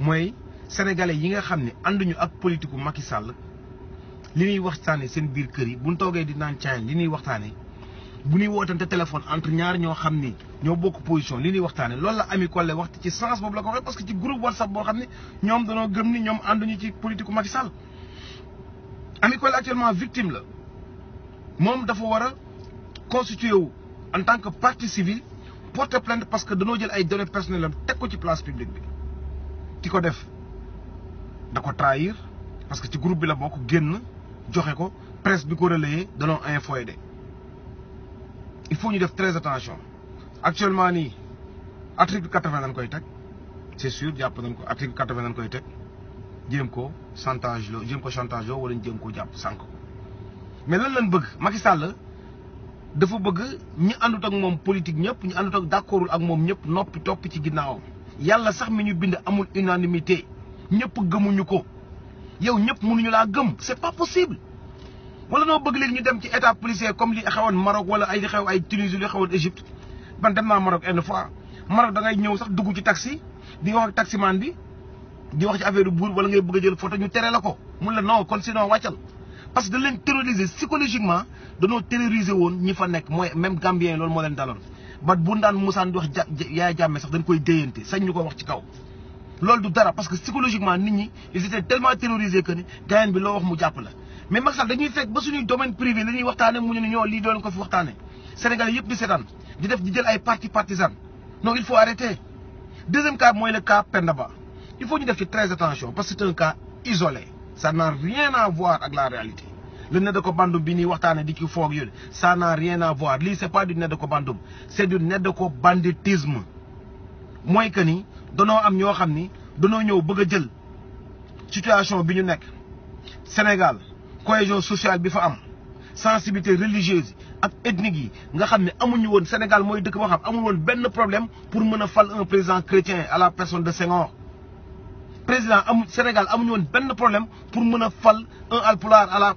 mooy sénégalais yi nga xam ne ànduñu ak politiku Macky Sall li ñuy waxtaanee seen biir kër yi bu ñu toogee di naan caayin li ñuy waxtaanee bu ñuy wootante téléphone entre ñaar ñoo xam ni ñoo bokk position li ñuy waxtaanee loolu la Ami Collé waxtu ci sens boobu la ko waxee parce que ci groupe WhatsApp boo xam ne ñoom danoo gëm ni ñoom ànduñu ci politiku Macky Sall Ami Collé actuellement victime la moom dafa war a constitué wu en tant que partie civile porter plainte parce que jël ay données personnelles am ko ci place publique bi. ki def dako trahir parce que ci groupe bi la bokk génn joxe ko presse bi ko relayé danoo infoyé de il faut ñu def très attention actuellement ni article 80 vingt lañ koy c'est sûr japp nañ ko article 80 vingt lañ koy ko chantage lo jëm ko chantage lo wala ñu jéem ko japp sank ko mais lan lañ bëgg Macky Sall dafa bëgg ñi àndut ak mom politique ñëpp ñi àndut ak d'accordul ak mom ñëpp nopi top ci ginnaawam yalla sax mi ñu bind amul unanimité ñepp gëmuñu ko yow ñepp mënuñu la gëm c'est pas possible wala no bëgg léegi ñu dem ci état policier comme li xewoon Maroc wala ay li xew ay Tunisie li xewoon Égypte ban dem na Maroc une fois Maroc da ngay ñëw sax dugg ci taxi di wax ak man bi di wax ci affaire buur wala ngay bëgg jël photo ñu téré la ko mun la non kon sinon waccal parce que dañ leen terroriser psychologiquement danoo terroriser woon ñi fa nekk mooy même Gambien loolu moo leen daloon ba bu daan musaan di wax yaa yaay sax dañ koy déyante sañ ñu ko wax ci kaw loolu du dara parce que psychologiquement nit ñi ils étaient tellement terrorisés que ni gaayen bi loo wax mu jàpp la mais Macky sax dañuy fekk ba suñuy domaine privé la ñuy waxtaane mu ñu ne ñoo lii doon ko fi waxtaane Sénégal yépp di seetaan di def di jël ay parti partisan non il faut arrêter deuxième cas mooy le cas Pendaba. il faut ñu def ci très attention parce que c'est un cas isolé ça n'a rien à voir ak la réalité le Nedokobandum de Kobandum bi ça n'a rien à voir ce c'est pas du net de c'est du net de que ni dono am ñoo ni jël situation que nous Sénégal cohésion sociale bi fa am sensibilité religieuse ak ethnique yi nga Sénégal moy dëkk amul problème pour mën a un président chrétien à la personne de Senghor président amul Sénégal a woon benn problème pour mën fal un alpulaar à la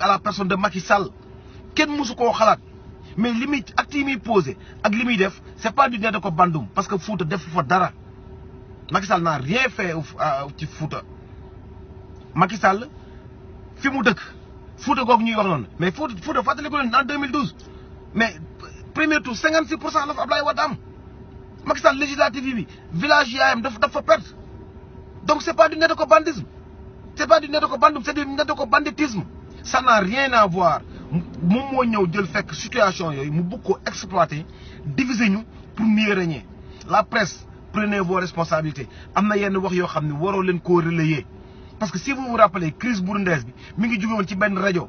à la personne de Macky Sall Ken mosu koo mais limite, acte posé ak li def pas du bien de ko bandum parce que Fouta def fa dara Macky Sall n'a rien fait au foot. Macky Sall fi mu dëkk Fouta googu ñuy wax non mais Fouta Fouta fàttaliku leen en 2012 mais premier tour 56 la fa Ablaye Wade am Macky Sall législative bi village yaayam dafa dafa perte. Donc ce n'est pas du nétocobandisme. Ce n'est pas du nétocobandisme, c'est du banditisme. Ça n'a rien à voir. Mon moyen de faire que situation, est beaucoup exploité, diviser nous pour mieux régner. La presse, prenez vos responsabilités. Amna yenn wax yo xamni waro len ko relayer parce que si vous vous rappelez crise burundaise bi mi ngi jugé won ci ben radio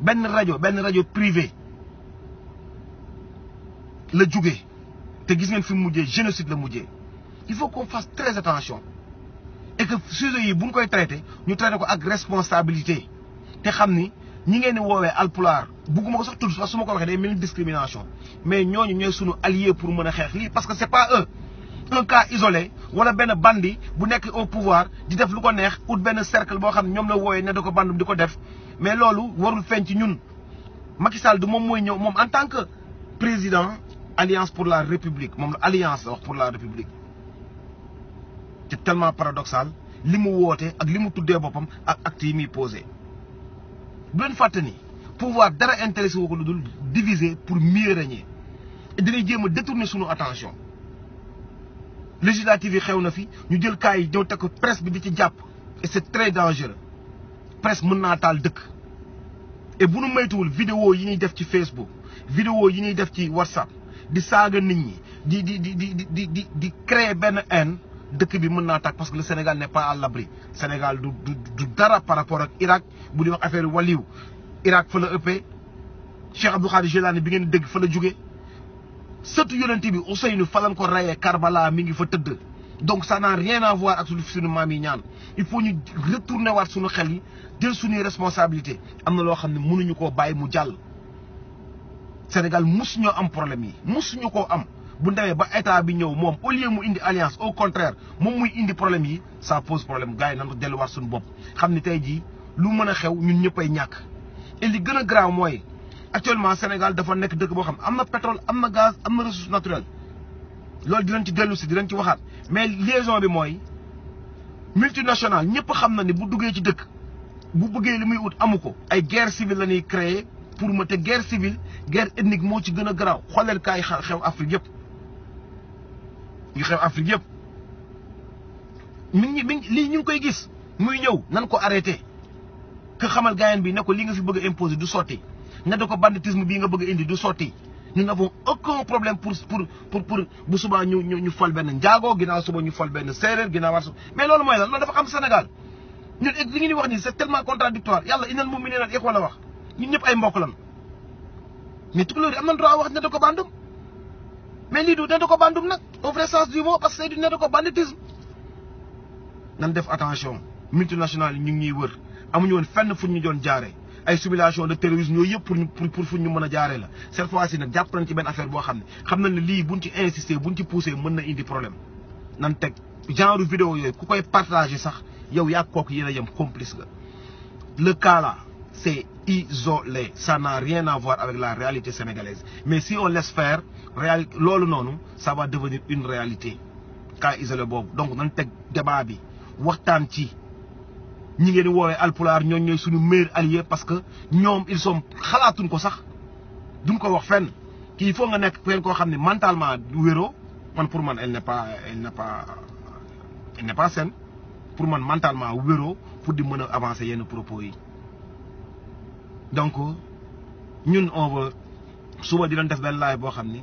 ben radio ben radio privée le jugé te gis ngeen fi mujjé génocide la mouillé il faut qu'on fasse très attention et que sujet yi bu ñu traité ñu traité ko ak responsabilité te xam ni ñi ngeen di woowee alpulaar bugguma tout sax tudd sax su ko waxee day discrimination mais nous, ñooy sunu alliés pour mën a parce que c'est pas eux un cas isolé wala un bandi bu nekk au pouvoir di def lu ko neex ut benn cercle boo xam ne ñoom la wooyee ne da ko bandum di ko def mais loolu warul feeñ ci ñun Macky Sall du en tant que président alliance pour la république moom la alliance pour la république tellement paradoxal li mu woote ak li mu tuddee boppam ak acte posé bu leen pouvoir dara intéressé woo ko diviser pour mieux régner et dinay jéem a détourner sunu attention législative yi xew na fi ñu jël cas yi ñëw teg ko presse bi di ci jàpp et c'est très dangereux presse mën naa taal dëkk et bu nu vidéo yi ñuy def ci Facebook vidéo yi ñuy def ci WhatsApp di saaga nit ñi di di di di di di di créer benn haine deuk bi mën tak parce que le Sénégal n'est pas à l'abri Sénégal du du dara par rapport ak Irak bu di wax affaire waliw Irak fa la ëppee Cheikh Abdou Khadir Jilani bi ngeen deug fa la jugué sëtu yonent bi Ousseynou fa lan ko rayé Karbala mi ngi fa teud donc ça n'a rien à voir ak suñu suñu maam ñaan il faut ñu retourner waat suñu xel yi jël suñuy responsabilité amna lo loo mënuñu ko bàyyi mu jàll Sénégal musuñoo am problème yi musuñu ko am bu demee ba état bi ñëw mom au lieu mu indi alliance au contraire mom muy indi problème yi ça pose problème gaay nañu déllu war suñu bop xamni tay ji lu mëna xew ñun ñëppay ñak et li gëna a grave actuellement Sénégal dafa nekk dëkk bo xam amna pétrole amna gaz amna ressources ressource naturelle di lañ ci ci di lañ ci waxat mais liaison bi moy multinationale ñëpp xam na ni bu duggé ci dëkk bu bëggee li muy ut amuko ay guerre civile lañuy créer pour ma te guerre civile guerre ethnique moo ci gën a garaaw xooleel kaay xew Afrique yëpp. yu xew Afrique yëpp mi ngi mi lii ñu ngi koy gis muy ñëw nan ko arrêté ka xamal gaayen bi ne ko li nga fi bëgg a imposer du sotti ne da ko banditisme bi nga bëgg a indi du sotti nous n'avons aucun problème pour pour pour pour bu subaa ñu ñu ñu fal benn njaago ginnaaw suba ñu fal benn séeréer ginnaaw war mais loolu mooy lan loolu dafa am Sénégal ñun li ngeen di wax nii c'est tellement contradictoire yàlla innal mu'minina ikhwa la wax ñun ñëpp ay mbokk lan mais tukulóor yi am na droit wax ne mais lii ko bandum au vrai sens du mot parce que du banditisme def attention multinationales ñu ngi wër amuñu won fenn ñu simulation de terrorisme ñoy pour pour la cette fois ci ci affaire buñ ci insister buñ ci pousser genre vidéo yoy ku koy partager sax yow le cas là c'est isolé ça n'a rien à voir avec la réalité sénégalaise mais si on laisse faire réal loolu ça va devenir une réalité ils le bob donc nañ tek débat bi waxtaan ci ñi ngeen woowee alpulaar ñoo ñoy suñu meilleur allié parce que ñoom ils sont xalaatuñ ko sax duñ ko wax fenn kii faut nga nek fenn koo mentalement wéro man pour man elle n'est pas elle n'est pas elle n'est pas saine pour man mentalement wéro pour di mëna avancer yenn propos yi donc ñun on veut suba di lan def benn live bo xamni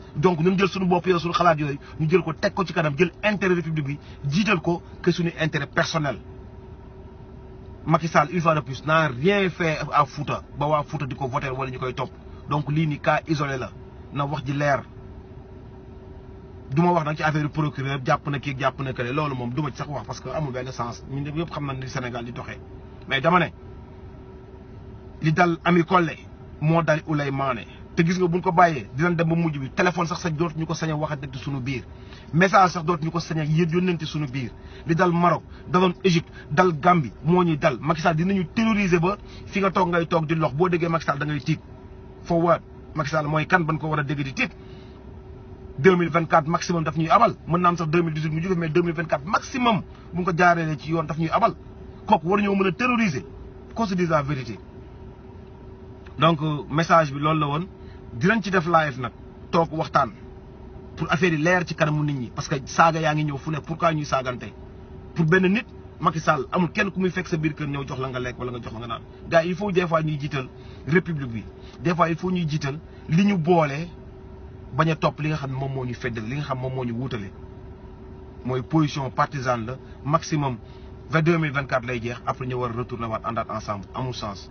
donc que jël suñu le suñu xalaat nous ñu jël ko ko ci kanam jël intérêt bi ko que suñu intérêt personnel Macky Sall une fois de plus n'a rien fait à Fouta ba voter wala donc li cas isolé la na wax di leer duma wax ci affaire procureur na parce que amul sens xam ni Sénégal di mais dama li dal Ami dal te gis nga buñ ko bàyyee dinañ dem bu mujj bi téléphone sax sax dootuñu ñuko sañ a waxante suñu biir message sax dootuñu ñuko sañ a yéen yónnante suñu biir li dal Maroc dalon Égypte dal Gambie moo ñuy dal Macky Sall dinañu terroriser ba fi nga tok ngay tok di lox bo déggee Macky Sall da ngay tiit foo waat Macky Sall mooy kan ban ko wara a di tiit 2024 maximum daf ñuy abal mën naa sax 2018 mu jóge mais 2024 maximum bu ko jaaree ci yoon daf ñuy abal kok war ñoo mëna terroriser qu'on de la vérité donc euh, message bi loolu la won dinañ ci def live nag toog waxtaan pour affaire yi leer ci kanamu nit ñi parce que saaga yaa ngi ñëw fu ne pourquoi ñuy saagante pour benn nit Macky Sall amul kenn ku muy fekk sa biir kër ñëw jox la nga lekk wala nga jox la nga naan gars il faut des fois ñuy jiital république bi des fois il ñuy jiital li ñu boole bañ a topp li nga xam ne moom moo ñu feddal li nga xam moom moo ñu wuutale mooy position partisane la maximum vers 2024 lay jeex après ñu war a retourner waat àndaat ensemble amul sens.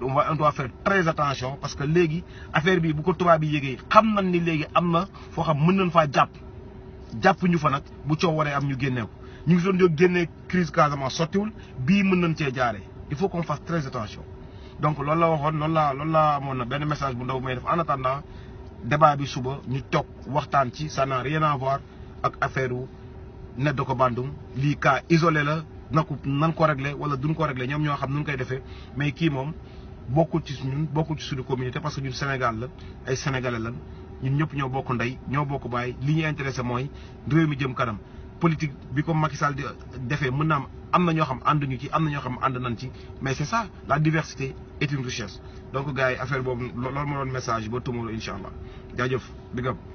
on va on doit faire très attention parce que léegi affaire bi bu ko tubaab bi yëgee xam nañ ni légui amna fo xam mën nañ fa japp japp ñu fa nak bu coow waré am ñu génnee ñu ngi son do génnee crise Casamance sottiwul bi mën nañ ci jaaree il faut qu'on fasse très attention donc loolu la waxon loolu la loolu la amone ben message bu ndaw may def en attendant débat bi suba ñu tok waxtaan ci ça n'a rien à voir ak affaire wu Net Doko bandum li cas isolé la na ko nan ko régler wala duñ ko régler ñoom ñoo xam nu ñu koy défé mais ki mom bokkul ci ñun bokkul ci suñu communauté parce que ñun Sénégal la ay sénégalais lan ñun ñëpp ñoo bokk ndey ñoo bokk bàyyi li ñu intéressé mooy réew mi jëm kanam politique bi Macky Sall di euh, defee mën naa am am xam ànd ñu ci am na xam and nañ ci mais c'est ça la diversité est une richesse donc gars affaire bobu loolu mo don message ba tomorrow inshallah allah jaajëf